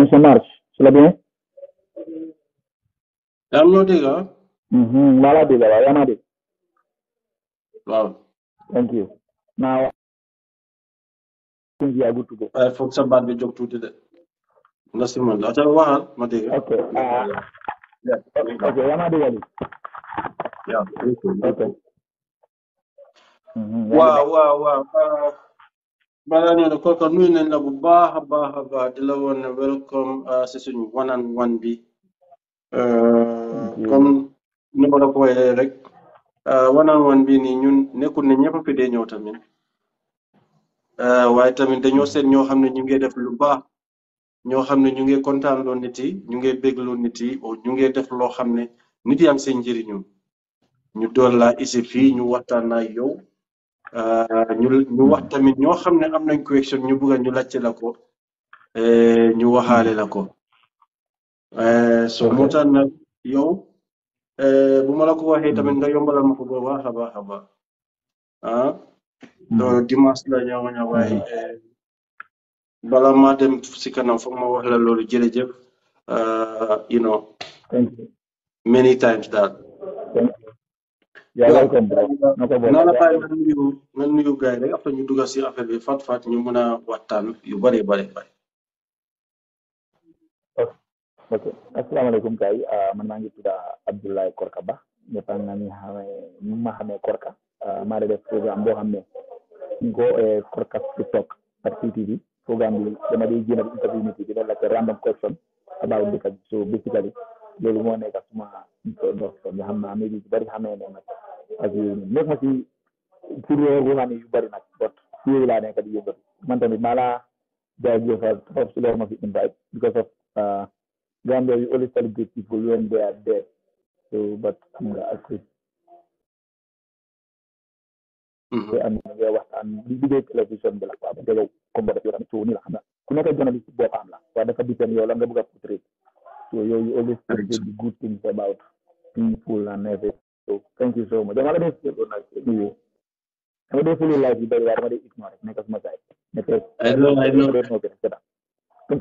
consomar, ¿se lo bien? Yamno diga. Mhm, mala diga, Wow. Thank you. Now, I think you are good to go. I eh, found Okay. Uh, okay. Okay. Okay. Okay. Okay. Okay. Okay. Okay. Okay. Okay. Okay. Okay. Okay. okay, Okay. Okay. Okay. Okay. Okay. Okay. Okay. Okay. Okay. Okay. Okay. Okay. Brother Nyo, the nuna na and Labuba, Haba, Haba, Dilaw, welcome, uh, Session 1 and 1B. Thank Uh, you. comme uh, ni ko la ko waxee rek, 1 and 1B ni ñun nekkul ne ñëpp uh, a fi dee ñëw tamit. Uh, waaye tamit dañoo seet ñoo xam ne ñu ngi def lu baax, ñoo xam ne ñu ngi kontaan loo nit yi, ñu ngi bég nit yi, oo ñu ngi def loo xam ne nit yaa ngi seen njëriñu. Ñu door laa isi fii, ñu waxtaan naa yow, ñu wax tamit ñoo xam ne am nañ question ñu bëgg ñu laajte la ko eh, ñu waxaale la ko eh, so moo tax nag yow eh, bu ma la ko waxee tamit mm. nga yombalal ma ko bu baax a baax a baax ah mm. dimanche la ñëw na waaye mm. bala maa dem si kanam foog ma wax la loolu jërëjëf ah, you know many times daal yàlla comprendre na ko bokk noonu bàyyi nga nuyu nga nuyu gars rek après ñu dugal si affaire bi fat fat ñu mën a waxtaan yu bari bari bari ok asalaamaaleykum gars yi man maa ngi tudd Abdoulaye Korka Ba ñëpp na ñu xamee ñu ma xamee Korka maa def programme boo xam ne Korka si toog ak CTV programme bi dama di jéem interview nit yi di la random question about dëkk so basically lolu moo nekk ak suma dox nga xam naa mii yu bari xamee ne nag ak yooyu noonu ma si pour yoo xam ne yu e bari nag bot e nekk di yëngatu man tamit maa laa jaajëfal trop si ma fi because of uh, Gambia you always celebrate people when they are dead so but xam nga ak te am mm-hmm. na ngay di li liggéey télévision bi la quoi ba yow comme ba def yoo tamit coow ni la xam na ku nekk journaliste boo la dafa bitam yow la nga bëgg So you, you always say good things about people and everything. So thank you so much. I'm i like you, but i Make us much I know, I know.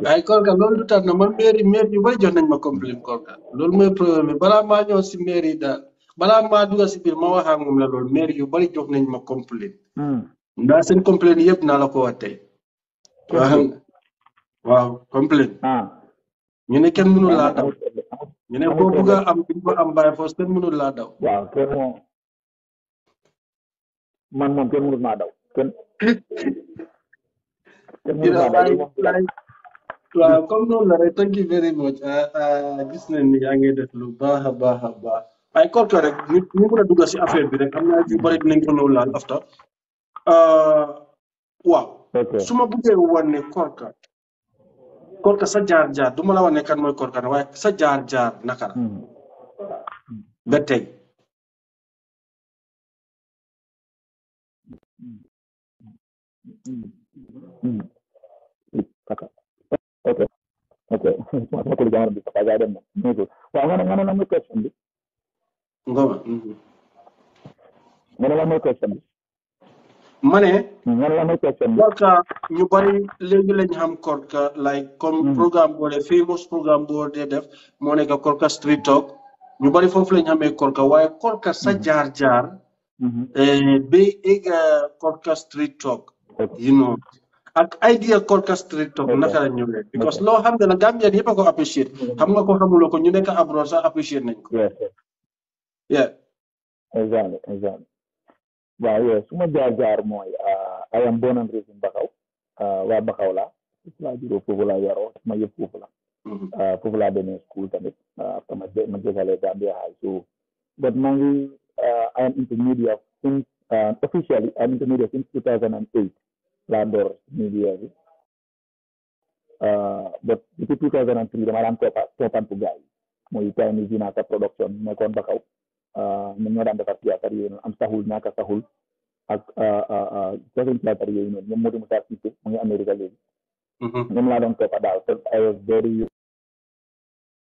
ay korka loolu lu tax na Mary, mairie mairie yu ma compliment korka loolu mooy problème bi si mairie daal balaa si ma wax ak la loolu mairie yu bari jox nañ ma compliment hmm. ndax seen compliment yëpp naa la ko wax tey waaw ah ñu ne kenn mënul laa daw ñu ne boo bëgg a am di ko am by force kenn mënul laa daw. waaw kenn moom man moom kenn mënul maa daw kenn. kenn mënul maa daw waaw comme noonu la rek thank you very much gis uh, uh, nañ ni yaa ngi def lu baax a baax a baax ay kooku rek ñu ñu mën a dugg si affaire bi rek am naa yu bëri dinañ ko loolu laal after uh, waaw. ok su ma bëggee wane ne kooku koor ka sa jaar jaar du la wax ne kan mooy koor sa jaar jaar naka la ba tey ok ok Okay ma ne korka ñu bari léegi lañ xam korka like comme hmm. programme boo dee famous programme boo dee def moo nekk korka street talk ñu bari foofu lañ xamee korka waaye korka sa hmm. jaar jaar hmm. eh, ba egg eh, korka street talk you know ak idea korka street talk naka la ñëwee because loo xam ne la Gambien yëpp a ko appreciate xam nga ko xamuloo ko ñu nekk abroad sax appreciate nañ ko yeah exactly exactly waaye ya. su ma jaar-jaar mooy I eh, am born and raised in Bakaw eh, waa la laa foofu laa juróo foofu laa ya, yaroo sama yëpp foofu la foofu mm-hmm. eh, laa demee school tamit after ma ma jegalee Gambia high so but maa ngi I am intermedia since officially I am intermedia since two thousand and eight laa door media bi ya. but depuis two thousand and ko dama daan toppa toppantu gars yi mooy time yi Zinata production nekkoon Bakaw Eh, minnoɗa ka tariyen am sahul naka sahul jasin eh, eh, ka tariyen non ñom modi musa sisse gitu, mo ngi america legi gitu. ñom mm-hmm. la don topa dal i was very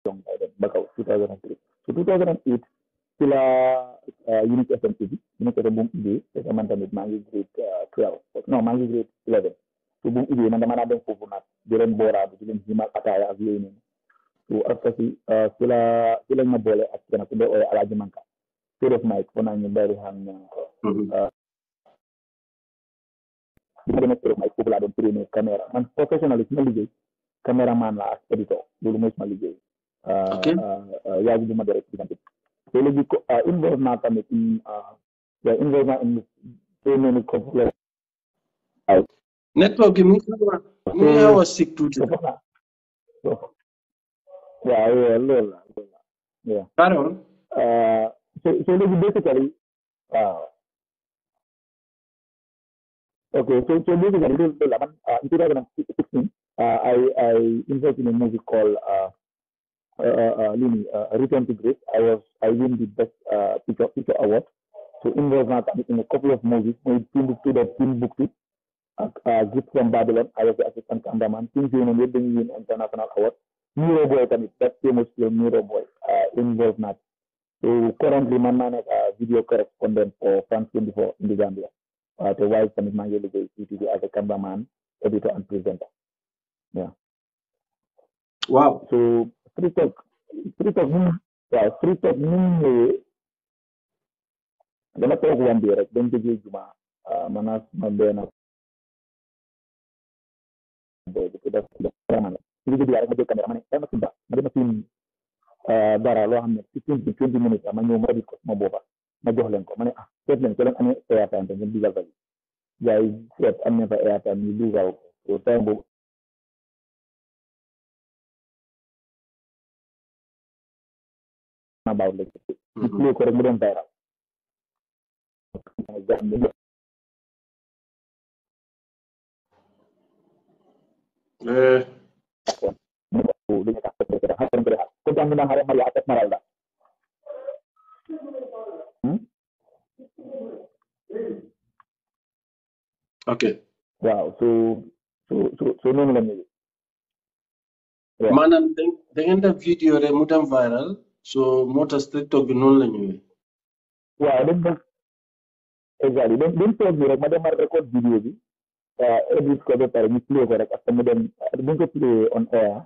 young by then 2003 so 2008 ci unit unique fm tv unique fm bu mu idée parce grade 12 no maa grade 11 so bu mu idée man dama daa dem foofu nag di leen booraadu di leen jimal ataaya ak yooyu noonu so après si ci la ci lañ ma boole ak kenn ku dee Mike kuna ñu xam bi ma demee Spirit Mike foofu laa doon trainer caméra man professionnel su ma caméraman la ak éditeur loolu mooy suma liggéey yaa ngi ma ko involve naa tamit yaa involve naa in network gi mu ngi mu ngi xaw yeah, sig tuuti Yeah. loolu so, so it is basically, uh, okay, so, so basically, it is 11, uh, in 2016, uh, I, I involved in a movie called uh, uh, uh, uh Lini, uh, Return to Grace. I was I won the best uh, picture picture award. So involved now in a couple of movies, made Timbuktu that Timbuktu, uh, uh, Gift from Babylon. I was the assistant cameraman. Things you know, we're bringing in international award. Mirror Boy, that famous film Mirror Boy, uh, involved now. So currently, man man a video correspondent for France 24 in the Gambia. Uh, the wife and my yellow CTV as a cameraman, editor, and presenter. Yeah. Wow. So free talk, free talk, yeah, free talk means dama toog wan bi rek dañ déggee juma mana ma benn boy bi def def vraiment la ci liggéey bi rek ma jël caméra ma ne dama simba ma dama film dara loo xam ne ci twenty twenty minutes la ma ñëw ma di ko ma booba ma jox leen ko ma ne ah seet leen ko leen amee airtime te ngeen dugal ko bi gars yi seet am na fa airtime ñu dugal ko time boobu na baaw la ñu play ko rek mu doon viral eh maralda. Hmm? Okay. Wow. So, so, so, so no, no, no. Yeah. Manam, end of video re mutam viral, so motor street to ginol la ñewé. Wow, dem ba exactly. Dem dem to record video bi. Euh, every ko pare ñu play ko rek ak play on air.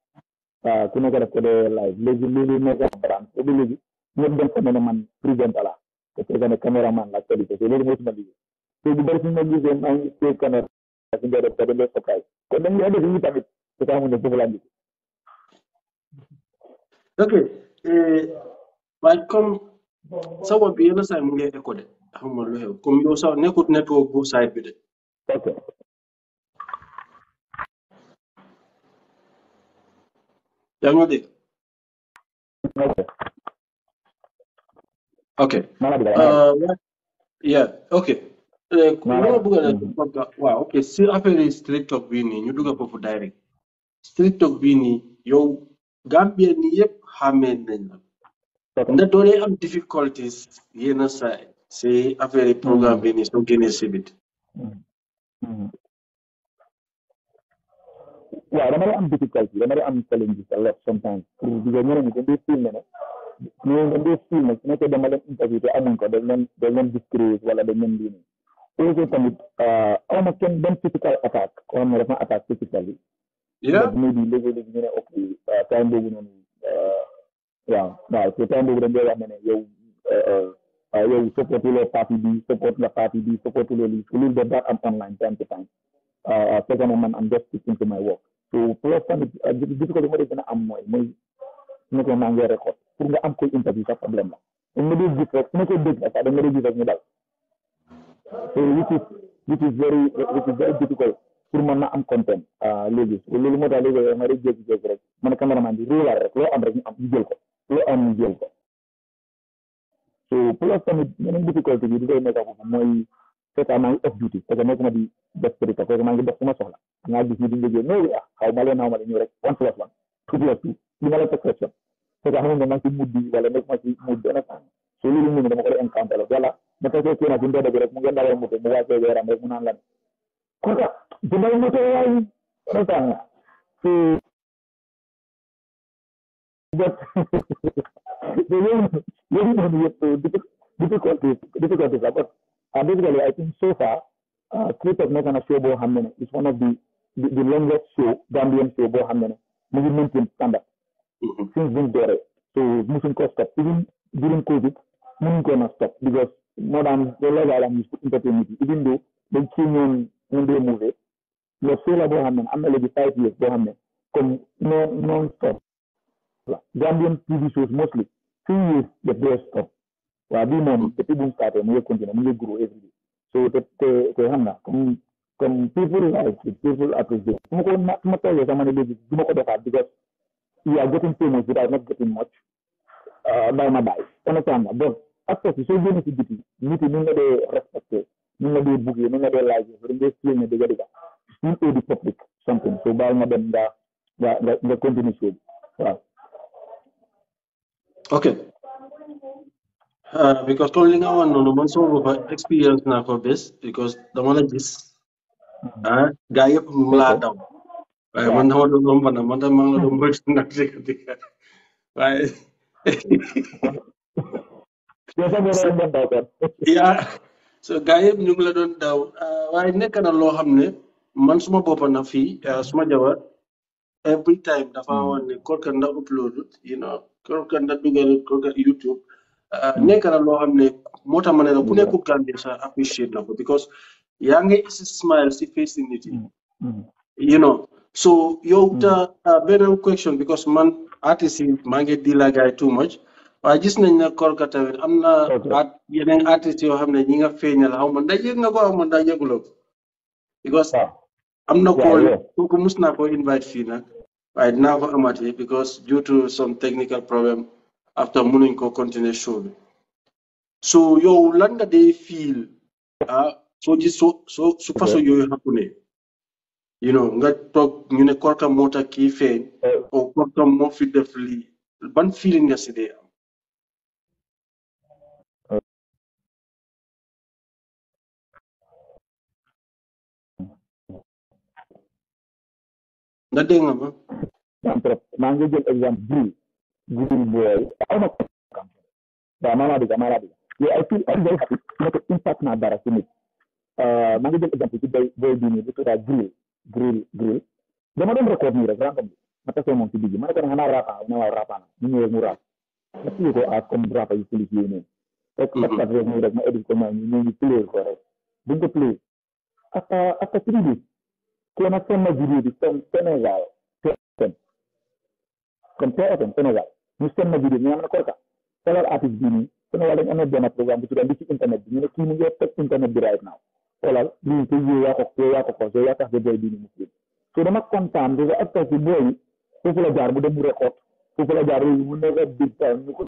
waaw ah, ku nekk def ko dee live léegi léegi nekk comprendre te ba léegi ñëpp dem xam man président la te fekk ne la actualité léegi mooy suma liggéey te bu bëri suñu ma gisee maa ngi téye kon dañ lay def yi tamit te sax mu ne foofu laa ngi ok eh, waaye comme sawa bi yenn saa yi mu ngi écho de xamuma lu xew comme yow sax nekkut network bu side bi de ok ಜನ್ಮದಿನ Okay. Okay. Uh, yeah, okay. Eh, uh, Mara- Kuna buga na Mhm. wa okay, si afere street talk bini, ñu duga fofu direct. Street talk bini you Gambia ni yépp xamee nañ la. Okay. am difficulties yena saa si after the programme hmm. bini soo génnee hmm. si hmm. yeah, remember I'm difficult. Remember I'm telling a lot sometimes. Mm. Because di they feel me, when they feel me, when they dem alam interview, they amun ko, they dem they dalam disgrace, wala they dem dini. Also tamit, uh, physical attack, or more attack physically. Yeah. maybe level is you know uh, time they win uh, yeah, So time they yo yo support your party B, support the party B, support your lead. So leave online time to time. Uh, second uh, moment, I'm just sticking to my work. pour l'instant euh, difficulté moo dee gën a am mooy mooy su nekkee maa ngi record pour nga am koy interview sax problème la dañ ma dee gis rek su nekkee dégg sax dañ ma dee difficult pour mën na am content euh, léegi loolu moo tax léegi ma dee jékki-jékki rek man cameraman bi réelal rek loo am rek ñu am ñu jël ko loo am ñu jël ko so plus tamit yeneen difficulté bi di koy nekk foofu mooy sai ma off duty daga mo ko madi def ko ko ko ma ngi def sama soxla nga gis ni dinga jël no ya xaw ma leen xaw ma leen rek one plus one two plus two li ma la tek ko ga xamne ma ci muddi wala nek ma ci muddi nak so li ñu dama ko def encounter wala ma ko ko na bu ndé rek mu ngeen dawal moto mu wacce wéram rek mu naan lan ko ko ta ci Basically, I think so far, uh, Creep of Mekana Shobo Hamene is one of the, the, the longest show, Gambian Shobo Hamene, movement in standard, mm-hmm. since being there. So, moving Costa, even during COVID, moving Costa stop because more than the level I'm used entertainment, even though they the on Monday movie, the Sola Bohamen, I'm already five years Bohamen, come non stop. Gambian TV shows mostly, three years the best stop. abi moni depuis bun kate mu continue mu grow every day so te te te hamna comme comme people like it, people appreciate mu ko na ma tolle sama ne beji duma ko dofa because you are getting too much without not getting much uh, by my by on a time but after so you need to be nit ñi nga dé respecté ñu nga dé buggé ñu nga dé laajé bu ngé ci ñu dëgg dëgg ñu ko di public something so bay nga dem nga nga nga continue so waaw okay Uh, because because calling our no man so experience na for this because the man this ah of mula daw ay man daw do I pa na man daw mang lom birds na sikat ay जैसा मेरा अंदर बात है yeah so gaya ñu ngi la doon daw waaye nekk na loo xam ne man suma bopp na fee ah, suma jabar every time dafa hmm. woon ne kooku ndax upload, you know kooku ndax dugalut kooku YouTube nekk na loo xam ne la ku nekkul mm. Gambia sax appreciate na ko because yaa ngi smile si facing nit mm. mm. you know so yow ta uh, beneen question because man artist yi maa ngi di la gaay too much waaye gis nañ ne korka tamit am na yeneen artist yoo xam ne ñi nga feeñal xaw ma ndax yëg nga ko xaw ma ndax yëguloo because am na ko kooku mus naa ko invite fii nag waaye dinaa ko because due to some technical problem after morning, ko continue show so yo landa de feel ah so just so so so faso yo yo hakune you know nga tok ñu ne korka mota ki feñ o korka mo fi def li ban feeling nga ci dé am nga dégg nga ba maa ngi jël exemple boy almost Bamana diga, Mara diga. Yeah, I feel I'm very happy. Look at impact na bara kini. Uh, mangi jeng example ki day day dini itu ra grill, grill, grill. Dama dem record ni rek rankam. Mata so mong ci digi. Mana kan hana rapa, na wa rapa na. Ni ñew eh, mu mhm. rap. Ci ko ak comme rapa yi ci ni. Rek ak ak rek ni rek ma edit ko ma ni ni play ko rek. Buñ ko play. Aka aka tribu. Ko na sama jiri di Senegal. Comme Senegal ñu na mustenna jiɗi mi yamna korka kala artiste jini kono waɗen onon dema programme ɓutuɗa ci internet bi ñu mino kimo yo teg internet bi right now olal ɗum ko ya ko ko ya ko kos yeeya kas de boy mu ci so ɗoma contane boy ko boyi la jaar bu bu dem mu ko record la jaar yu mu nega big time ñu ko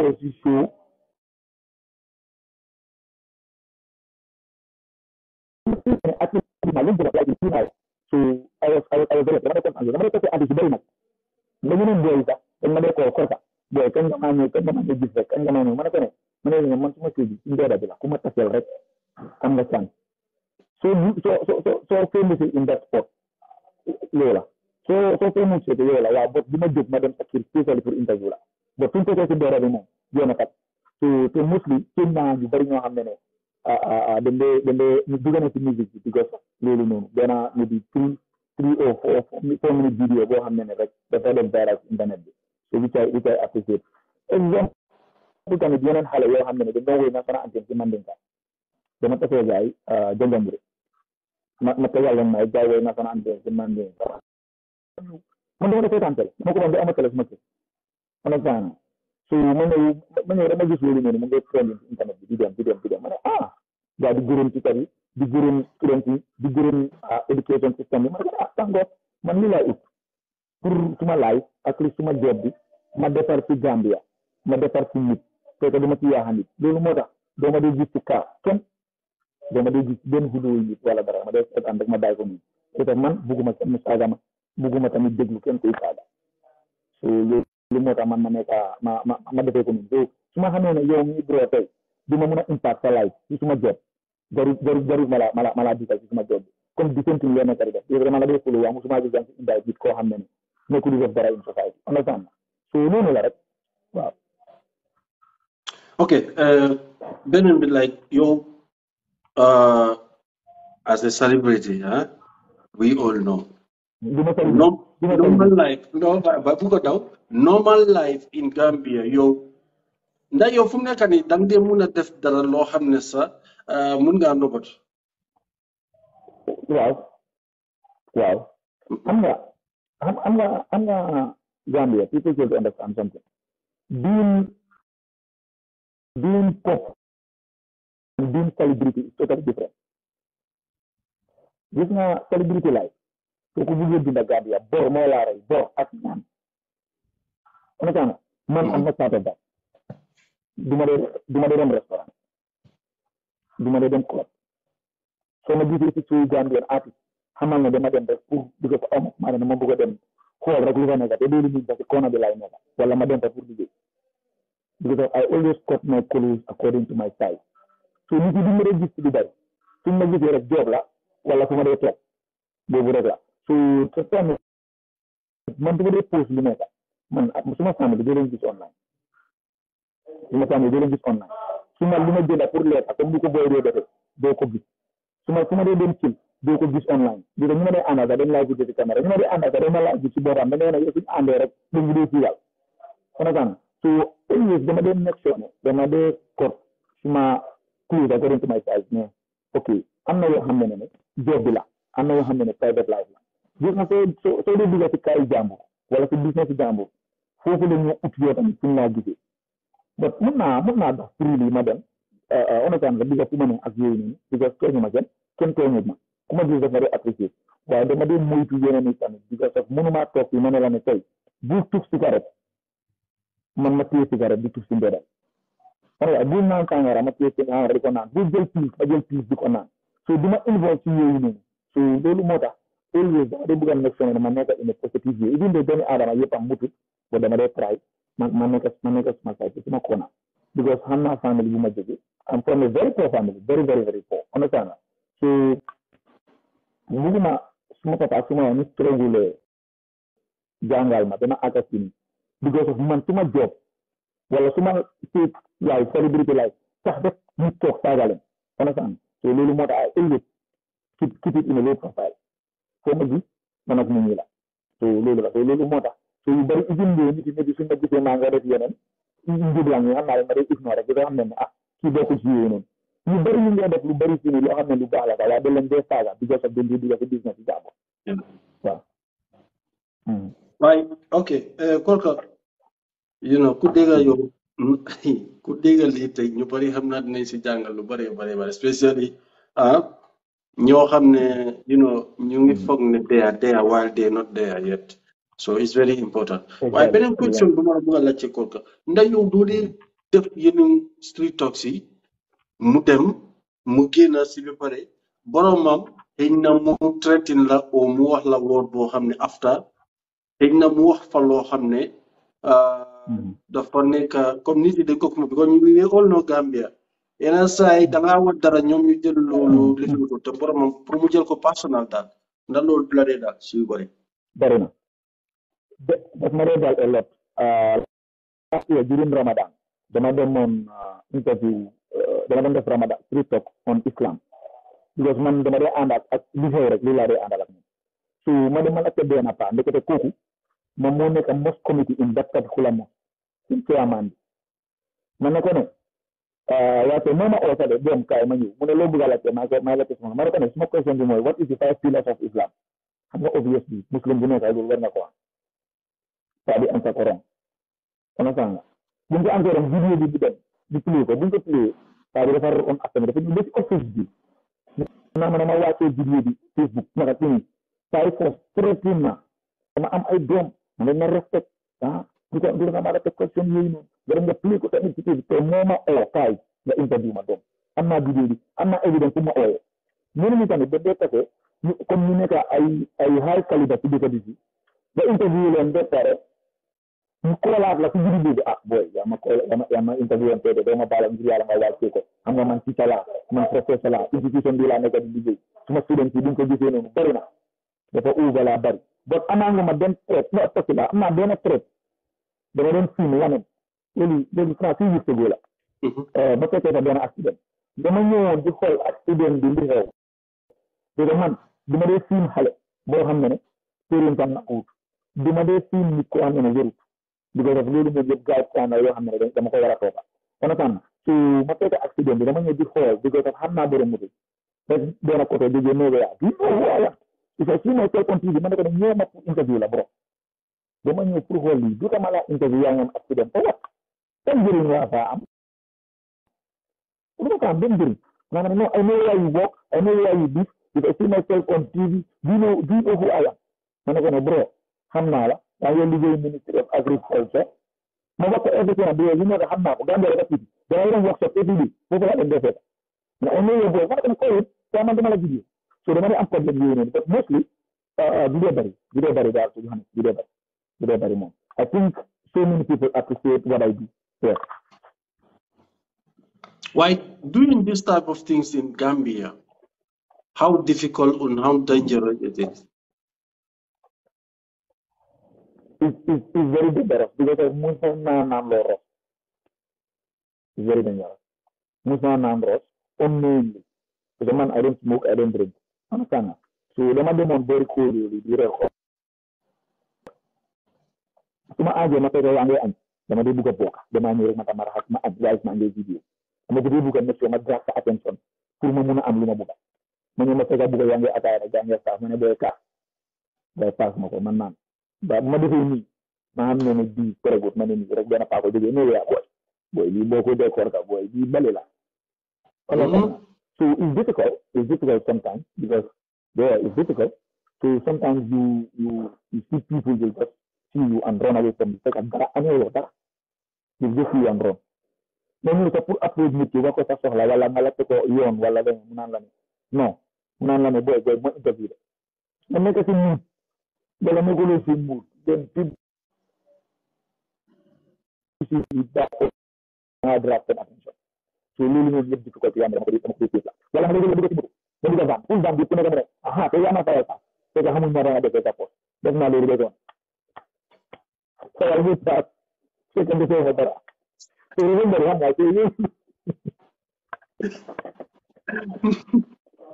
aussi show so I was I was I was very I'm going to talk to Addis Belmak dagiri boy ka en made ko korka boy kan ga mani kan ga mani gis kan ga mani mana kan mana ne man kuma ke in da da kuma ta sel rek am tan so so so so so famous in that sport lola so so famous ke lola ya bot dima jog madam akil special pour interview la bot tun ko ko dara be dia nak kat to to mostly tin na ju bari ñoo xamne ne ah ah dembe dembe ñu dugana ci musique because lolu nonu bena ñu di three three or four four minute video boo xam ne ne rek dafa def viral ci internet bi so which I which I appreciate exemple tamit yeneen xale yoo xam ne ne dañ doon wéy national anthem ci Mandinka dama euh, ma ma tegal leen may gaay wéy national anthem ci Mandinka man dama defee tàntal ma ko doon ba ama télé sama kër man ak saana so ma ñëw mu ngi trending internet bi di dem di dem di ne ah gaay di gërëm ci kër di gurun student di gurun ah, education system kan? kan, mana kan tango man nilai itu pour suma life ak li suma job bi ma defar ci gambia ma defar ci nit te ko dama ci yaahandi lolu motax dama do gis ci ka ken dama di gis ben hudu nit wala dara ma def ak and ak ma bay ko ni te man buguma kenn saaga buguma tamit deglu kenn koy saaga so lolu motax man ma nek ma ma defé ko ni so suma xamé ne yow mi bro tay duma mëna impact sa life ci suma job baru baru baru malah malah malah ci sama job comme di continue leen nekk di def vraiment la day fulu wax musuma gis ci indaay bit koo xam ne ne nekkul def dara in society understand so noonu la rek waaw ok uh, beneen bi like yow uh, as a celebrity huh? we all know normal life no, but, but normal life in Gambia you. ndax yow fu mu nekk nii dee mun a def dara loo xam ne sax euh, mun ngaa nobot. waaw waaw nga am nga am nga Gambia people should understand something being being gis nga celebrity life soo ko bëggee dunda Gambia bor moo laa rey bor ak ñaan on man am na saa duma dee dem restaurant duma dem club soo ma gisee si suy Gambian xamal ne dama dem rek pour dugg fa am maa ne dama bëgg dem xool rek lu fa nekk te ñu ba si koona bi nekk wala ma dem pour I always cut my clothes according to my size so nit yi duñ ma gis si bari suñ ma rek job la wala su ma rek la so te tamit man dama dee post lu nekk man ah, suma famille doo leen gis online su ko bi ko ñu ma dee àndal sax dañ laa gis ci caméra ñu ma dee àndal sax dañ ma laa gis ci da ngay am na yoo xam ne ne job bi la am na yoo xam ne ne private life la gis soo soo soo dee dugg ci kaay jàmbur wala ci business jàmbur foofu la ut yoo tamit suñu laa gisee but mun naa mun naa dox prix ma dem onotaan la because ku ma ne ak yooyu noonu because tooñu ma kenn kenn tooñu ma ku gis daf ma dee apprécier waaye dama dee moytu yooyu noonu so loolu moo tax always dama dee bëgg a nekk feneen ma nekk in a positive way even though aadama yëpp am mutu ba dama dee try manekas manekas masa itu cuma kona because hanna family juga jadi I'm from a very poor family very very very poor kona sana so ini mah semua kata semua ini struggle janggal mah karena atas ini because of man cuma job walau cuma si ya celebrity life sah deh mikok saja lah kona sana so lulu mau tak ilut keep keep it in a low profile kau mau di mana kau mau so lulu lah so lulu mau so yu bari ujundoo nit yi nit suñu la gisee maa nga def yeneen njublan yi xam naa ma day ignoré rek dina xam ah kii bokkul ci yooyu yu bari yu nga def lu bari si lu baax la bi business yi hmm. jàpp ok eh, you know ku dégga yow ku dégga lii tey ñu bari xam dinañ si jàngal lu bari bari bari especially ah ñoo you know ñu ngi hmm. foog ne there while they not there yet so it's very important Why? beneen question bu ma bëgg a laajte kooku ndax yow doo def street taxi, mu dem mu génn si ba pare boromam xëy na mu traitin la mu wax la after xëy na mu wax fa loo xam ne ah, mm-hmm. dafa nekk comme nit yi dañ ko kuma bi ñu we all know Gambia yeneen say, yi dangaa war dara ñoom ñu jël loolu liggéey mm-hmm. ko te boromam pour mu jël ko personal daal ndax loolu la dee daal si yu bëri na Admirable Elliot eh, last year during Ramadan, the madam on uh, eh, interview, uh, eh, the madam of Ramadan, free talk on Islam. Because man, the madam and at Lihore, Lilare and at So, madam and at the Benapa, and look at the Kuku, Mamone, a mosque committee in that particular mosque. Since I am and Manakono, wato mama wata da biyan kayan manyu muna lobu ga lafiya na ma lafiya kuma mara kana smoke question din what is the five pillars of islam amma obviously muslim din ka zo wannan kuwa tadi angka korong kana sanga dinga orang video di bidan di plu di dinga plu tadi dafa on akam dafa di di facebook di. ma ma wacce video di facebook naka ini. tari kos, tretina sama am ay dom mereka na respect ha diko diko na mara ko sen yoy di garam nga plu ko tan ci ci to moma o interview ma dom amma video di amma evidence ma o non mi tan be kok. ta ko comme ñu nekk ay ay di ci nga interview len ba pare mu koolaat la si guddi boobu ah booy yaa ma koola yaa ma de doo a baal ngir yàlla nga wàccee ko xam nga man ci sala man professeur la institution bi laa nekk di liggéey suma student yi duñ ko gisee noonu bëri na dafa uuga laa bëri donc amaa nga ma benn traite no tosi la am doon film lamen dama ñëwoon di xool accident bi li xew déga man duma dee film xale boo xam ne ne duma dee film nit ko xam ne ne wérut di because of loading the guides and ಅಯ್ಯೋ ಹನ್ನೆರಡು ನಮ್ಮ ಕೊಳರ ಕೋಪ ಒನತಾನ so ಮತ್ತೆ accident ನಮಗೆ the whole because of ಹನ್ನ ಬೇರೆ ಮುದು di ಕೋಟೆ ದಿ ಗೆ ನೋವೆ the whole if i see myself on tv mana kada nyema pu interview la bro dama ñew pour xool lii du dama la interview yaa ngam accident ba wax tan njëriñ waa fa am lu ko am benn njëriñ maanaam non ay know why you walk i know why you this di i see myself on tv do you know do you know ko bro xam naa la maa ngi of agriculture ma wax everything bi li ma xam naa ko Gambia dafa tuuti dama doon wax sa pétu bi foofu laa dem defee ko mais on est yóbbu ma dem koyit te man dama la jigéen so dama ne am problème yooyu noonu but mostly ah, du dee bari du dee bari daal suñu du dee du dee moom I think so many people appreciate what I do Yeah. Why doing this type of things in Gambia? How difficult and how dangerous it is? is, is, is very dangerous because of Musanna numbers. It's very dangerous. Musanna numbers unknowingly. Because man, I don't smoke, I don't drink. Understand? So the man demon very cool really, di rekod. Cuma aja mata saya angge an. Dama dia buka boka, dama nyuruh mata marahat, hak maaf guys mangge video. Dama dia buka mesti amat drag ke attention. Kurma muna am lima buka. Menyemasa buka yang dia ya atas, ya yang dia ya sah, mana boleh kah? Bypass mako man man madu hini mamne ne di kore gut manen kore gana pa ko de ne ya boy boy li boko de kore ka boy di balela ala mm-hmm. so it's difficult it's difficult sometimes because there yeah, it's difficult so sometimes you you you see people will just see you and run away from the fact and that any water will just see you and run mais ñu ko pour approche nit ki wax ko sa soxla wala nga lapp ko yoon wala dañ mu naan la ne non mu naan la boy boy mo interview de nekk si nit But I'm not going to move. Then people see that hard draft and attention. So Lulu knows the difficulty and the difficulty. Well, I'm going to go to Then the van, pull down the pull down. Aha, so I'm not tired. So I'm not going to get that. That's my little bit on. So I will start. So can you say what that? So remember, I'm like you.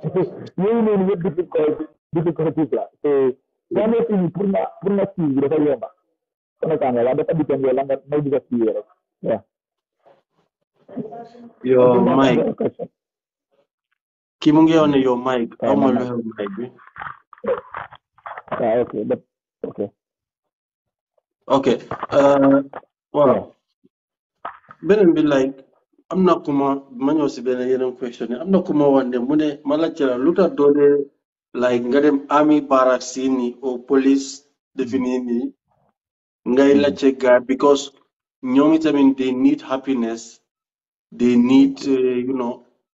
You know the difficulty, difficulty. So Your mic. Kimunge on your mic. okay. okay. Okay. Uh, wow. Benin be like, I'm not kuma, manyo si bene question. I'm not kuma wande mune malachira luta dole like nga army barracks yi or police defi nii nii ngay hmm. laajte gaa because ñoom itamit they need happiness they need uh, you know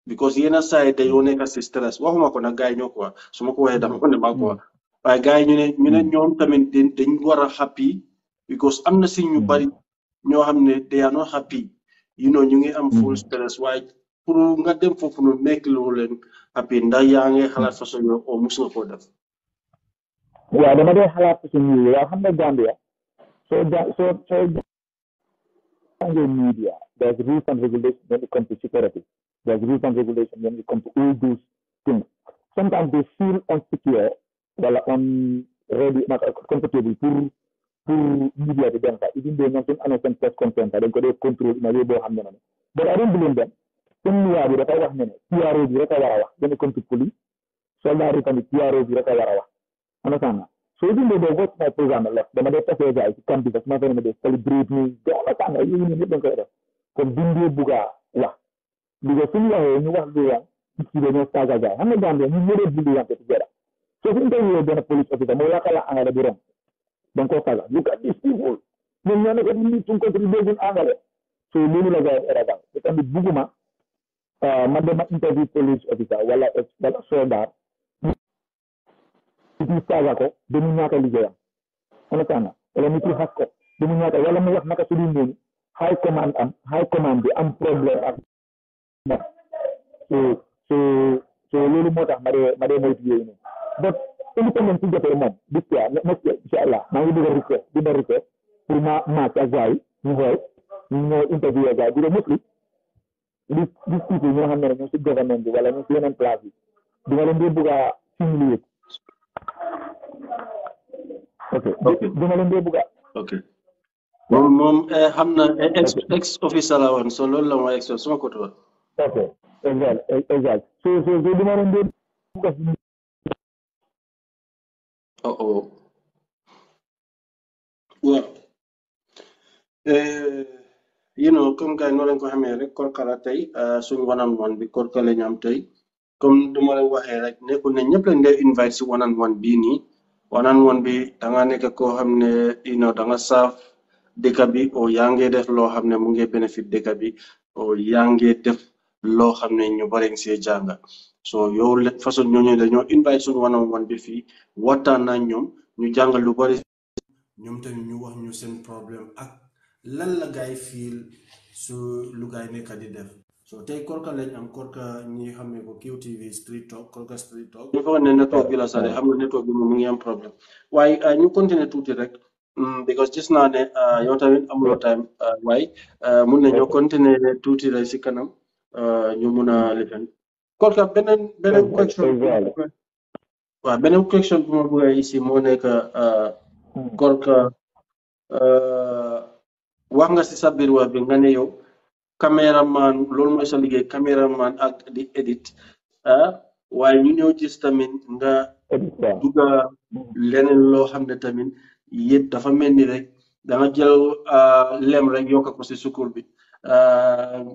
because yena saa yi dañoo nekk si stress waxuma ko nag gaa yi ñoo ko wax su ma ko waxee dama ko ne maa ko wax hmm. waaye ñu ne ñu ne hmm. ñoom tamit dañ war happy because am na si ñu bari ñoo xam they are not happy you know ñu ngi am full stress waaye pour nga dem fofu noonu nek lu len api ndax Ya, nga xalat fa yooyu o mus nga koo def waaw dama day xalat façon yooyu ya xam Gambia so so so soo media there's rules and regulation when it comes to security there's rules and regulation when it comes to all those things sometimes they feel unsecure wala on ready not comfortable pour pour media bi dem fa even though ñoom suñ année seen press conference dañ ko dee contrôle ma xam na but I don't blame them kon loi bi dafa wax ne ne PRO bi rek a war a wax benn compte poli soldat yi tamit PRO bi rek a war a wax understand na soo dundee doo ko sama programme la dama dee tasee gaay ci camp bi parce que ma fay ma dee calibré nii doona tàng yooyu ñun ñëpp dañ koy def kon dundee bugaa wax because suñu waxee ñu wax lu yan nit ki dañoo saaga gaay xam nga Gambia ñu mënee dund yante ci jara soo fi interview benn police officer moo yaakaar la angale bi rom da nga koo saaga you got these people ñoom ko di nit suñ ko tuddee angale so loolu la gaay era gaay te tamit bugguma man dama interview police officer wala wala soldat nit saaga ko damu ñaaka liggéeyam understand wala nit yi xas ko demi ñaaka wala mu wax naka su dul high command am um, high command bi am um, problem um, ak ndax so so so loolu moo tax ma dee ma dee moytu yooyu noonu donc indépendant su jotee moom bis yaa next year insha allah maa ngi bëgg a request dina request pour ma match ak gars ñu xool ñu interview ak gars yi di di di siit yi nga xam ne rek ñu si gouvernement bi wala ñu si yeneen place yi di nga leen di bugg a humilier ok di nga leen di bugg a ok moom moom eh, xam na eh, ex ex officer la woon so loolu la ma ex suma côté woon ok exact exact so so so di nga leen di bugg oh oh waaw euh, you know comme gars yi noo leen ko xamee rek korka la euh, suñu one on one bi korka la ñu am tey comme du ma leen waxee rek nekkul ne ñëpp lañ lay invite si one on one bii nii one on one bi da nga nekk koo xam ne you know da nga saaf dëkk bi o yaa ngi def loo xam ne mu ngi bénéfice dëkk bi o yaa ngi def loo xam ne ñu bari see jànga so yow façon ñooñu dañoo invite suñu one on one bi fii waxtaan naa ñoom ñu jàngal lu bari ñoom tamit ñu wax ñu seen problème ak lan la gaay feel su lu gaay nekk di def so tey korka lañ am korka ñi xamee ko TV street talk korka street talk ñu foog ne network bi la sare xam nga network bi moom mi ngi am problème waaye ah, ñu continuer tuuti rek mm, because gis naa ne ah, yow tamit amuloo time ah, waaye mun nañoo continuer tuuti rek si kanam ñu mun a lifen korka beneen beneen question waaw beneen question bi ma bëgg a ici moo nekk korka wax nga si sa biir wax bi nga ne yow caméraman loolu mooy sa liggéey ak di edit ah waaye ñu ñëw ci tamit nga duga leneen loo xam ne tamit dafa mel ni rek dama jël lem rek yokk ko si sukur bi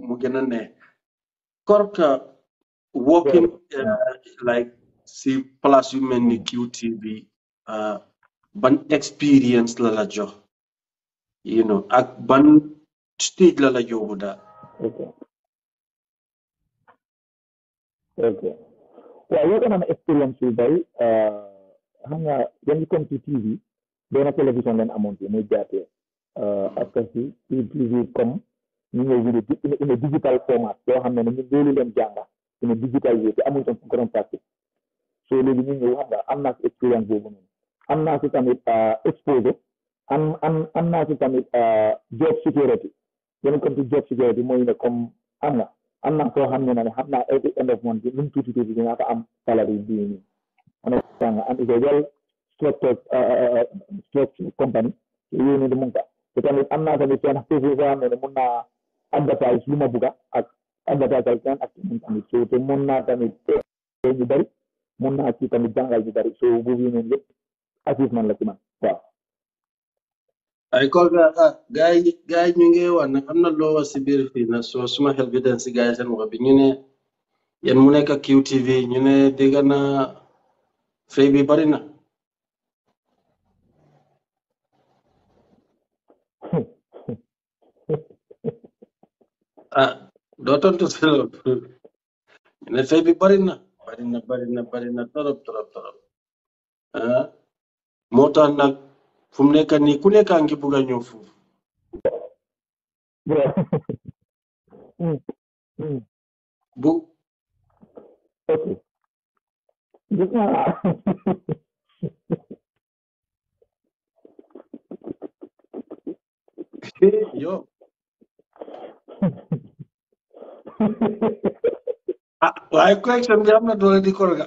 mu gën a ne korka working like si place yu mel ni ah, ban experience la la jox you know ak ban stage la la yóbbu daal. ok waaw yow dama am expérience yu bari euh, xam nga yan euh, comme ci TV benn télévision leen amoon ci muy jaatee askan si ci comme ñu ngi vidéo in digital format yoo xam ne ne ñu loolu leen jànga digital way te amuñ tam programme pratique soo léegi ñu ñëw xam am naa si expérience boobu noonu am naa si tamit euh, exposé am am am naa ci tamit euh, job security yéen comme ci job security mooy ne comme am na am na koo xam ne xam naa every end of month bi nu mu tuuti tuuti dinaa ko am salary bii nii understand and is a well structured euh, euh, structured company yooyu nii di mun ko te tamit am naa tamit seen activité boo xam ne ne mun naa advertise lu ma bugga ak advertise ak seen activité tamit so te mun naa tamit ñu bari mun naa ci tamit jàngal ñu bari so boobu noonu yëpp achievement la ci man waaw I call the ah, guy guy nyinge wan I'm not lower sibir fi na so suma help den si guys and wabi nyune yan mu nekk ak QTV ñu ne dégg na fay bi bari na ah doo tontu si ne fay bi bari na bari na bari na bari na torop torop torop ah moo tax fumneka ni kuneka nii nyofu nekk a ngi bu. okay gis naa ah why question bi am na doole di korga.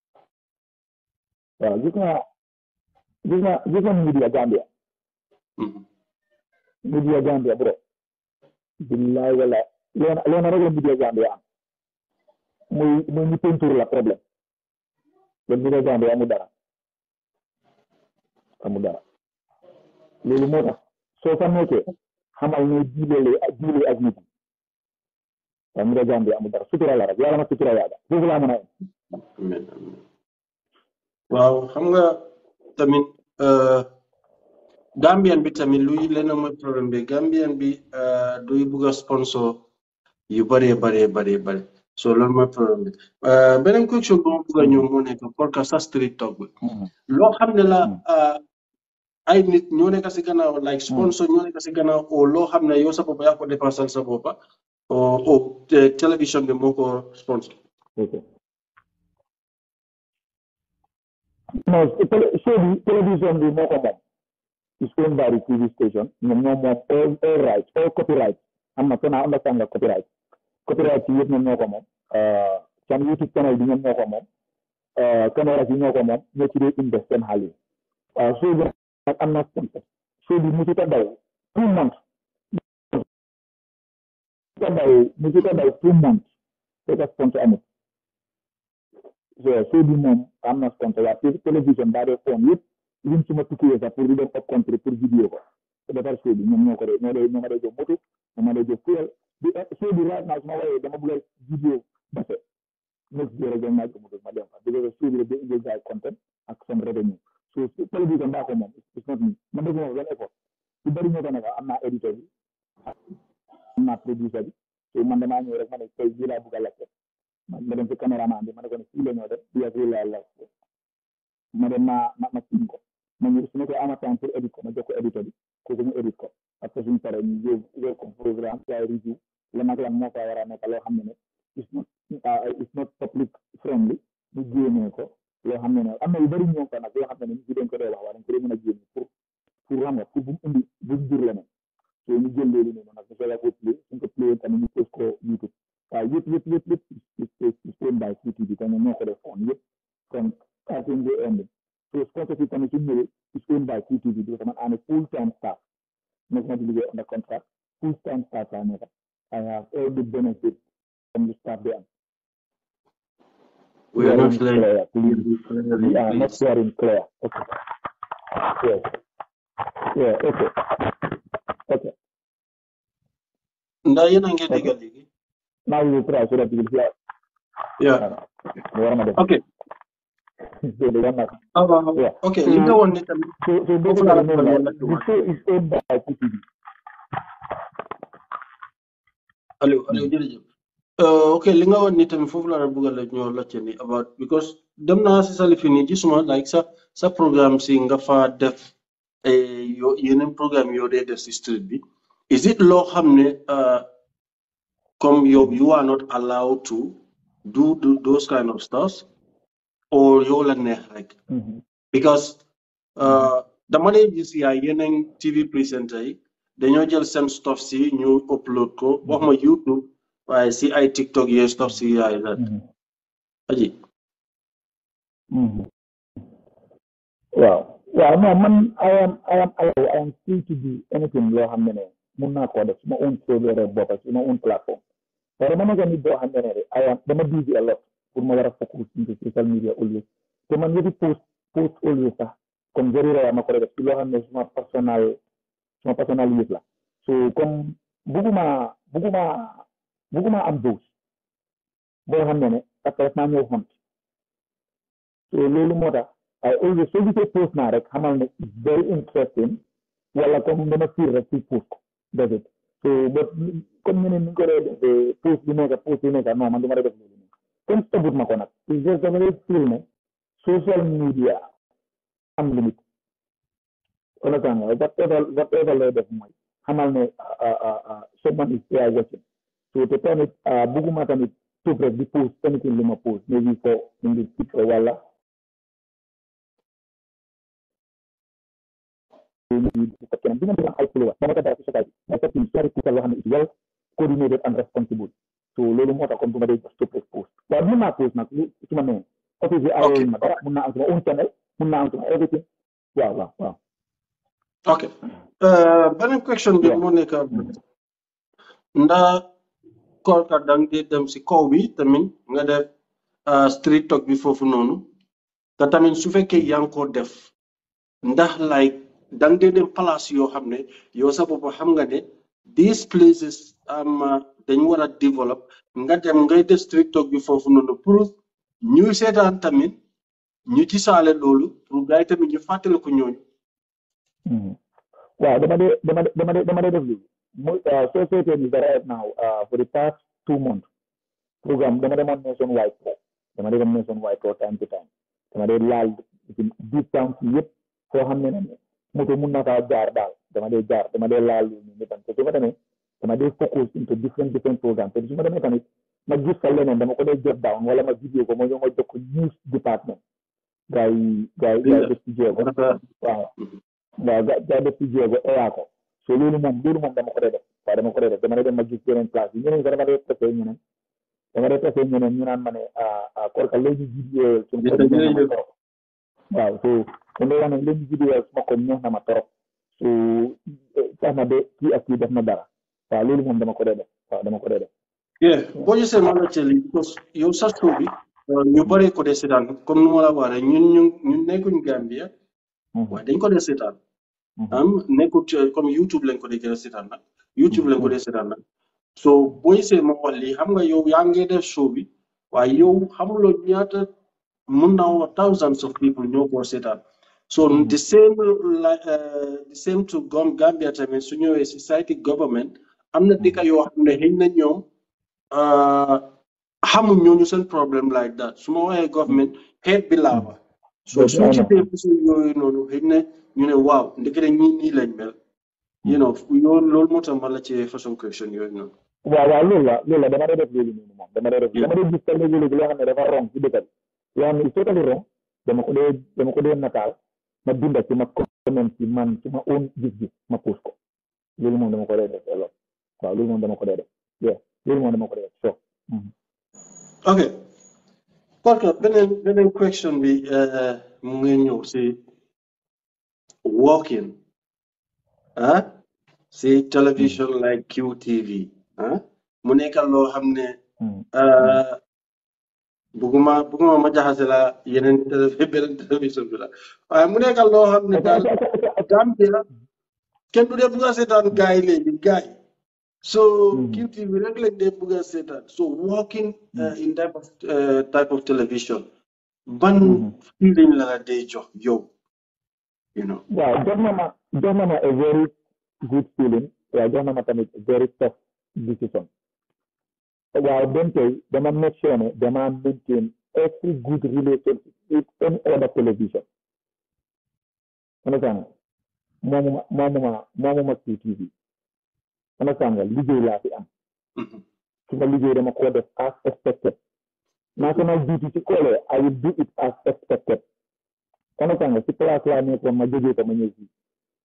waaw gis naa gis naa gis naa media Gambia media mm-hmm. Gambia bro billaay wala loona loona rek la media Gambia am muy muy ñu pentuur la problème la media Gambia amu dara amu dara loolu moo tax soo fa nekkee xamal ne jiilee ak jiilee ak nit ñi waaw media Gambia dara sutura la rek yàlla ma sutura yàlla foofu laa mën a waaw xam nga tamit uh, Gambien bi tamit luy lenn mooy problème bi Gambien uh, bi duy bugg a sponsor yu bëree bëree bëree bëri so loolu mooy problème bi uh, beneen question bu ma bugg a ñëw moo nekk podcast sa street talk bi mm-hmm. loo xam ne la ay nit ñoo nekk si gannaaw like sponsor ñoo mm-hmm. nekk si gannaaw o loo xam ne yow sa bopp yaa ko dépensal sa boppa o télévision bi moo ko sponsor non show bi télévision bi moo ko moom Ismaël Mbari TV station ñoom ñoo moom all all right all copyright am na soo understand nga copyright copyright yi yëpp ñoo ko moom sam euh, YouTube channel bi ñoom ñoo ko moom euh, caméra yi ñoo ko moom ñoo ci dee invest seen xaalis waaw show bi nag am na contest show bi mu ci ta daw two months mu ci ta daw two months fekk sponsor amul Seydou moom am na compte waa télévision daa dee foon yëpp ñun su ma tukkiwee sax pour di dem ab contre pour vidéo ko defar Seydou ñoom ñoo ko dee ñoo dee ñoo ma dee jox moto ñoo ma dee jox fuel di Seydou right now su ma wayee dama bëgg a vidéo base next day rek naa jox moto ma dem fa because Seydou rek day engage ay content ak some revenue so télévision daa ko moom it's not me man defuma ko benn effort su bëri ñoo ko nekk am naa éditeur bi am naa producer bi so man damaa ñëw rek ma ne tey lii laa bëgg a laajte ma dem ci caméraman bi ma ne ko ne fii la bi ma dem ma ma ma ko ma ñu ma ko ko ma jox ko édite bi kooku ko parce que suñu paree ñu yóbbu yóbbu ko programme ay review la fa war a nekk loo xam ne ne is not ah, is not public ko loo xam ne ne am na yu bëri ñoom fa nag yoo xam ne ne ñu doon ko dee wax waa dañ ko dee a génne pour pour xam pour bu mu bu mu jur leneen so ñu jël loolu noonu nag ñu soog a ko play suñ ko play ko YouTube so sponsor bi by city because i am full time staff under contract full time staff I have all the benefits from the staff there. We are not clear. We are not hearing clear. Okay. Yes. Yeah, okay. Okay. Ndax yéen a ngi dégg léegi now you try so that you will hear. Yeah. Okay. so the one that, uh, Okay. Okay, you know one little so, so basically, you know, the show is aimed by PTV. Hello, hello, Jerry. Uh, okay, linga won ni tammi fofu la bugal la ñoo la ni about because dem na ci sali fini gisuma like sa sa programme si nga fa def eh yo yeneen programme yo dé def ci street bi is it lo xamné euh come you, you are not allowed to do, do those kind of stuff or you'll like mm-hmm. because uh, mm-hmm. the money you see are ah, yeneng TV presenter dañoo jël seen stuff si ñu upload ko mm-hmm. wax ma YouTube I see ay TikTok yee stuff si ay that mm-hmm. aji waaw waaw non man I am I am I am free to do anything loo xam ne ne mun naa koo def suma own projet rek boppa suma own platform hoore managami bo hannde nere ayam ɗama busy a lot pour mo wara focus into social media always so man yeɗi post post always ah la so comme buguma buguma buguma am dose boo loolu moo tax ay always soo gisee post naa rek xamal ne very interesting wala comme dama fiir rek ci post ko dosit Euh, ba comme ñeneen ñu ko doon defee ma ko nag je dama lay firme social media am limite kon nag nga lay def mooy xamal ne someone is there watching so te tamit ah, bugguma tamit tuub rek di pause ma pause maybe dengan bilang kalkuluwa. Mga kadati sa kadi. Nasa pinsar lahan ideal, koordinated and responsible. So, lolo mo takon kumaday gusto post. Wag mo mapos na cuma no. Kasi si Aaron Matara, muna ang suma unsan ay, muna ang suma everything. Wow, wow, wow. Okay. Uh, question ya. din mo ni ka. Na kor ka dang di dem si Kowi tamin nga def street talk bi fofu nonu. Ta tamin su fekke yang ko def. Ndax like danga dee dem place yoo xam ne sa bopp xam nga ne these places am um, dañ war develop nga dem ngay des street talk bi foofu noonu pour ñuy seetaan tamit ñu ci saale loolu pour gars yi tamit ñu fàttali ko ñooñu. Hmm. waaw dama dee dama dee dama dee def lii muy uh, soo ni right now uh, for the past two months programme dama mon nationwide pro dama dee dem nationwide pro time to time dama dee laal distance yëpp foo xam ne ne moto mun naa faa jaar daal dama dee jaar dama dee laal lu ñu ban te su ma demee dama dee focus into different different programme te su ma demee tamit ma gis fa leneen dama ko dee jot down wala ma vidéo ko ma ñëw ma jox ko news department gaa yi gaa yi gaa yi def ci jéego waaw waaw gaa def ci jéego eyaa ko so loolu moom loolu moom dama ko dee def waaw dama ko dee def dama dee dem ma gis beneen place yi ñeneen sax dama dee pressé ñeneen dama dee pressé ñeneen ñu naan ma ne ah ah korka léegi vidéo suñu ko waaw so kon loolu nag leen vidéo suma ko neex na ma torop so tax na ko dee def waaw ko dee boo gisee ma la yow sa euh, ñu bari ko dee seetaan comme nu ma la ñun ñu ñun nekkuñ Gambia mhm. waaye dañ ko dee seetaan mhm. am nekkut euh, comme YouTube lañ ko dee gën a seetaan nag YouTube lañ mhm. so boo gisee xam nga yow yaa ngi def show bi waaye yow xamuloo ñaata now thousands of people know Boseta. So mm -hmm. the same uh, the same to Gom Gambia tamit su ñëwee si society government i am not dëkka yoo xam ne xëy na ñoom uh, xamuñ ñooñu seen problème like that su ma government help bi laa so suñ ci you know yooyu noonu xëy na ñu ne waaw ndekete ñii nii nii mel you know you loolu moo tax ma la ci façon question You know. waaw waaw loolu la loolu la dama dee def loolu noonu moom dama def dama dee gis tamit loolu loo xam ne dafa rong ci dëkk Okay. il faut que lu dama ko dee dama ko dee nataal ma binda ci ma comment ci man ci ma own gis-gis ma puus ko loolu moom dama ko dee def lool waaw loolu moom dama ko dee def yeah loolu moom dama ko dee def so hmm. ok Parker beneen beneen question bi mu ngi ñëw si walking ah si télévision hmm. like QTV ah mu nekkal loo xam ne hmm. uh, buguma buguma ma jahasela yenen télé- beneen télévision bi la waaye ah, mu nekk loo xam ne daal Gambia la kenn du dee bugg gay? seetaan gaay léegi gaay yi so QTV hmm. rek lañ dee bugg seetaan so walking hmm. uh, in type of uh, type of television ban hmm. feeling la la dee jox yow you know waaw ya, jox na ma jox na ma a very good feeling waaye ya, jox na ma tamit very tough decision while Bente, the man mentioned, the man maintain every good relationship with any other television. Understand? Mama, mama, mama, TV. Understand? Liggéey laa fi am. Mm-hmm. su ma liggéey dama ko def as expected. national duty ci koole I will do it as expected. Understand? si place laa nekkoon ma jógee ko ma ñëw fii.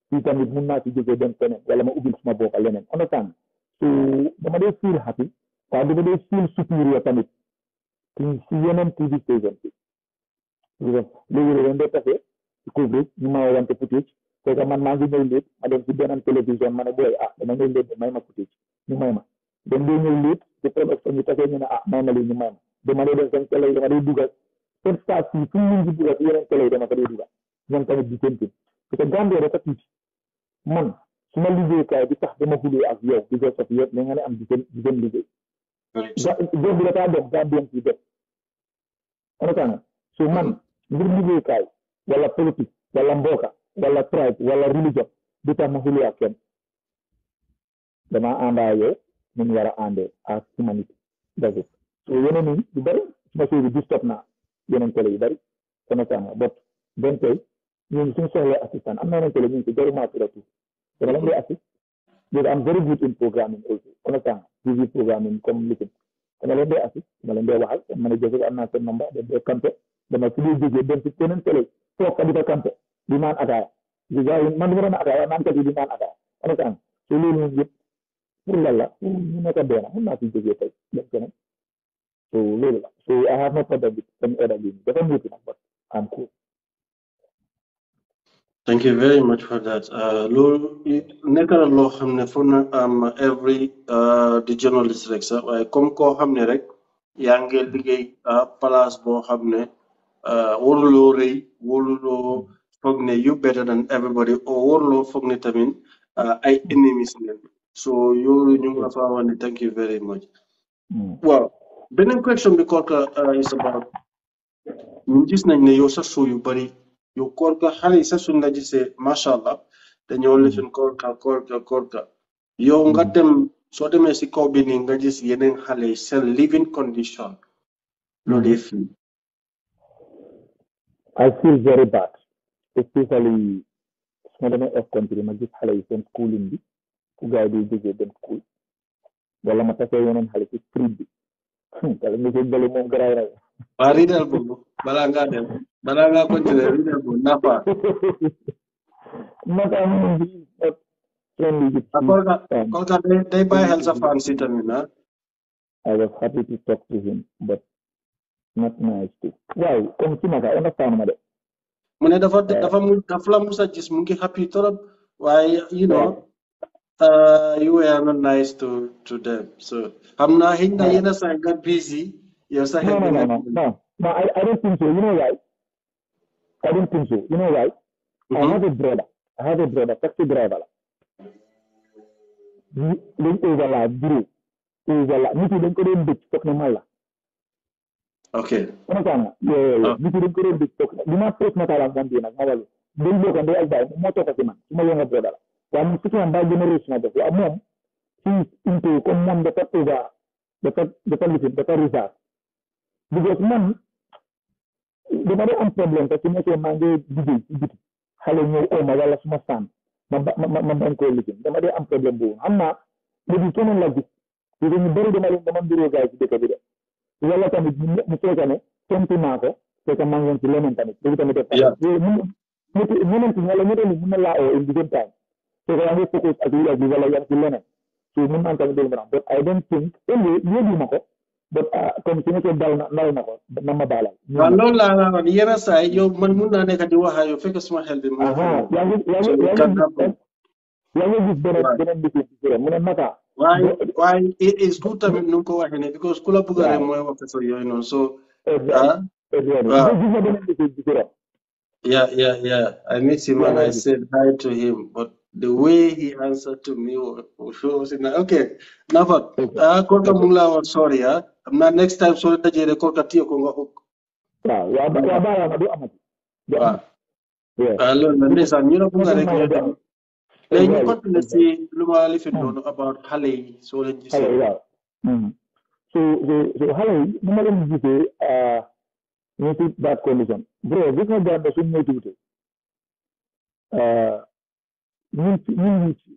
fii tamit mun naa ci jógee dem feneen wala ma ubbil suma bopp leneen. Understand? so dama dee feel happy. Parliament is still superior ya, than it. In CNN TV station. Leave remember that Kubrick, Nima want to footage. Kaya man mangi ñew lit, ma dem ci benen télévision mana boy ah dama ya, ngeen dégg may ma footage. Ñu may ma. Dem do ñew lit, ci prem ak ñu tassé ñu ah may ma li ñu may ma. Dama lay def sen télé dama lay duggal. Sen station fu ñu ngi duggal yenen télé dama ko lay duggal. Ñom tamit di tentu. Ko gambé rek tuuti. Man suma liggéey kay di tax dama hulé ak yow di ko sof yow nga am di gën di gën liggéey boo bi dafa dem daa dem ci kan? Suman, su man ngir liggéeykaay wala politique wala mbooka wala tribe wala religion du tax ma xulyaa kenn dama anda yow ya, mun war a àndee ak humanité so yeneen ini yu bëri suma di stop naa yeneen télé yu bëri onatana bot ben tey ñooñu suñu soxlee assistant am na yeneen télé ñu ngi ko jaruma turatu dama lam dee assist they am very good in programming also tv programme en comme liquide kono len nde asi kono len nde wahal mane jogoɗo anna sen nomba ɗe ɗe kampe dema sili jogi donc konen télé fof kadi ko kampe ɗiman ataya déjà man ɗum rona ataya man kadi ɗiman ataya kono kan so lolu mum yeb pour lalla pour mineka deena hon naati jogi tawi ɗen konen so lolu la so i have no problem with some other limi defan wuti nak but am cool Thank you very much for that. Uh, loolu nekk na loo xam am uh, journalist rek sax waaye comme koo xam rek yaa ngi liggéey uh, place boo xam ne waruloo rëy waruloo you better than everybody or waruloo foog ne ay enemies leen so yoolu ñu ngi la faa thank you very much. Hmm. waaw beneen question bi kooku is about ñun gis nañ ne yow sax show yu bari. yo koor ka xale yi sax suñ la gisee macha allah dañoo lifin koor ka koor ka yow nga dem soo demee si kaw bi nii nga gis yeneen xale yi seen living condition loolu hmm. yëpp. I feel very bad especially su ma demee off country ma gis xale yi seen schooling bi ku gars di jógee dem school wala ma tasee yeneen xale ci street bi kala hmm, nga gis bële moom garaay rek. ba dem ko mata bi day day fancy tamina I was happy to talk to him, but not nice to. Why? Kung understand mo de. mu ne dafa Right. dafa happy torop Why? you know uh, you were not nice to to them so I'm not na i yenn saa busy Yes, I no, no, no, no, no, no. I, I don't think so. You know why? I don't think so. You know why? Mm-hmm. I have a brother. I have a brother, taxi driver. Lin overla duru. Overla. Niti den ko den bit tok no mala. Okay. Okay. kana? Yo yo yo. Niti den ko den bit tok. Dina press na kala ngandi na mawalu. Den do kan dai alba mo to kasi man. Mo yonga brother. Wa mo situ amba generation na to. Amom. He into ko mon da to da. Da da da da reserve liggéey man dama doon am problème parce que nekkee maa ngi liggéey ci biti xale ñëw ooma wala suma saan ma ba ma ma bañ koo liggéey dama dee am problème boobu xam naa léegi keneen la gis léegi ñu bëri dama leen dama mbiroo gars yi ci dëkk bi de wala tamit ñu mu fekk ne tontu naa ko fekk maa ngi ci leneen tamit léegi tamit def ñeneen ci wala ñeneen ñi mun na laa oo in the same fekk yaa ngi focus ak yi ak wala yaa ci leneen so mun naa tamit dégg ma but I don't think anyway yéegi ma ko comme sino ko dawna nawna ko nama balal wa non la yera say yow man mun naa nekk di waxa yow fekk suma xel di ma aha yaa ngi yaa ngi yaa ngi gis beneen beneen bi ci ci mu ne maka waaye waaye it is good tamit nu ko waxee ah, ne because ku la bëgg rek mooy wax so yooyu noonu so ah, ah. Yeah, yeah, yeah. I met him and I said hi to him, but the way he answered to me was, was okay. Now, but uh, sorry, huh? Ah xam next time soo dajee record kooka téye ko nga xug. waaw waaw waaw baala ma du amati. waaw. waaw loolu la ndeysaan ñu ne rek ñu dem. léegi ñu continuer si lu ma lifin noonu about xale yi soo leen gisee. xale yi hmm. so so so yi nu ma leen gisee ñu ngi bad condition. bro gis nga Gambia suñu moytuwute. ñun ñun